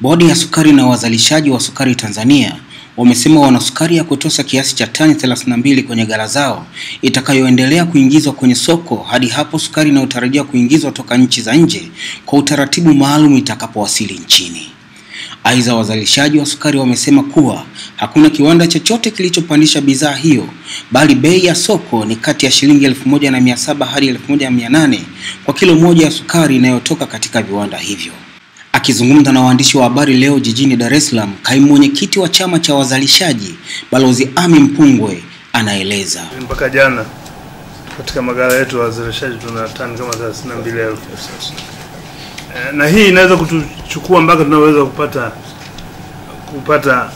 Bodi ya Sukari na Wazalishaji wa Sukari Tanzania wamesema wana sukari ya kutosha kiasi cha tani 32 kwenye ghala zao itakayoendelea kuingizwa kwenye soko hadi hapo sukari inayotarajiwa kuingizwa toka nchi za nje kwa utaratibu maalum itakapowasili nchini. Aidha, wazalishaji wa sukari wamesema kuwa hakuna kiwanda chochote kilichopandisha bidhaa hiyo, bali bei ya soko ni kati ya shilingi 1700 hadi 1800 kwa kilo moja ya sukari inayotoka katika viwanda hivyo. Akizungumza na waandishi wa habari leo jijini Dar es Salaam, kaimu mwenyekiti wa chama cha wazalishaji Balozi Ami Mpungwe anaeleza. Mpaka jana katika maghala yetu ya wazalishaji tuna tani kama 32,000 eh, na hii inaweza kutuchukua mpaka tunaweza kupata kupata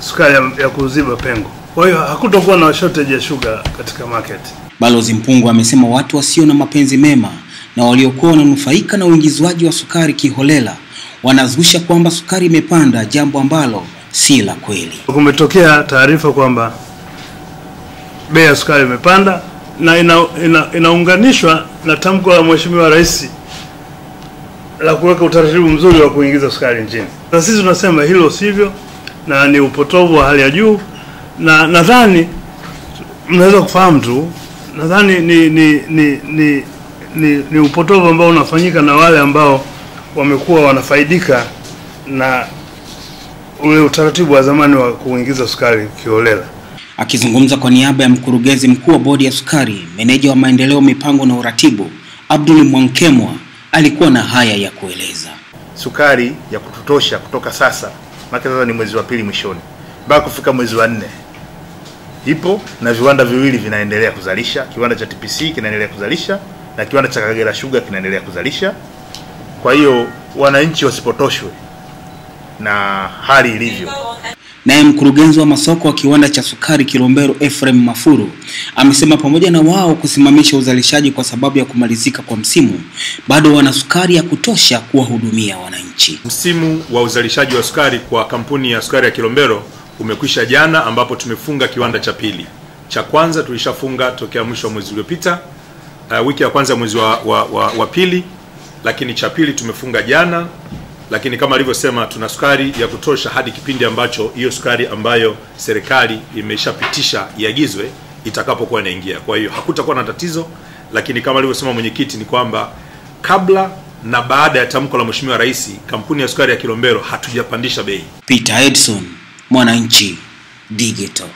sukari ya, ya kuziba pengo. Kwa hiyo hakutokuwa na shortage ya shuga katika market. Balozi Mpungwe amesema watu wasio na mapenzi mema na waliokuwa wananufaika na uingizwaji wa sukari kiholela wanazusha kwamba sukari imepanda, jambo ambalo si la kweli. Kumetokea taarifa kwamba bei ya sukari imepanda na ina, ina, inaunganishwa na tamko la Mheshimiwa Rais la kuweka utaratibu mzuri wa kuingiza sukari nchini, na sisi tunasema hilo sivyo na ni upotovu wa hali ya juu, na nadhani mnaweza kufahamu tu, nadhani ni ni, ni, ni, ni, ni upotovu ambao unafanyika na wale ambao wamekuwa wanafaidika na ule utaratibu wa zamani wa kuingiza sukari kiolela. Akizungumza kwa niaba ya mkurugenzi mkuu wa bodi ya sukari, meneja wa maendeleo, mipango na uratibu Abdul Mwankemwa alikuwa na haya ya kueleza. Sukari ya kututosha kutoka sasa, maana sasa ni mwezi wa pili mwishoni, mpaka kufika mwezi wa nne ipo na viwanda viwili vinaendelea kuzalisha, kiwanda cha TPC kinaendelea kuzalisha na kiwanda cha Kagera Sugar kinaendelea kuzalisha. Kwa hiyo wananchi wasipotoshwe na hali ilivyo. Naye mkurugenzi wa masoko wa kiwanda cha sukari Kilombero Ephraim Mafuru amesema pamoja na wao kusimamisha uzalishaji kwa sababu ya kumalizika kwa msimu, bado wana sukari ya kutosha kuwahudumia wananchi. Msimu wa uzalishaji wa sukari kwa kampuni ya sukari ya Kilombero umekwisha jana, ambapo tumefunga kiwanda cha pili. Cha kwanza tulishafunga tokea mwisho wa mwezi uliopita, uh, wiki ya kwanza mwezi wa, wa, wa, wa pili lakini cha pili tumefunga jana, lakini kama alivyosema tuna sukari ya kutosha hadi kipindi ambacho hiyo sukari ambayo serikali imeshapitisha iagizwe itakapokuwa inaingia. Kwa hiyo hakutakuwa na tatizo, lakini kama alivyosema mwenyekiti ni kwamba kabla na baada ya tamko la Mheshimiwa Rais, kampuni ya sukari ya Kilombero hatujapandisha bei. Peter Edson, Mwananchi Digital.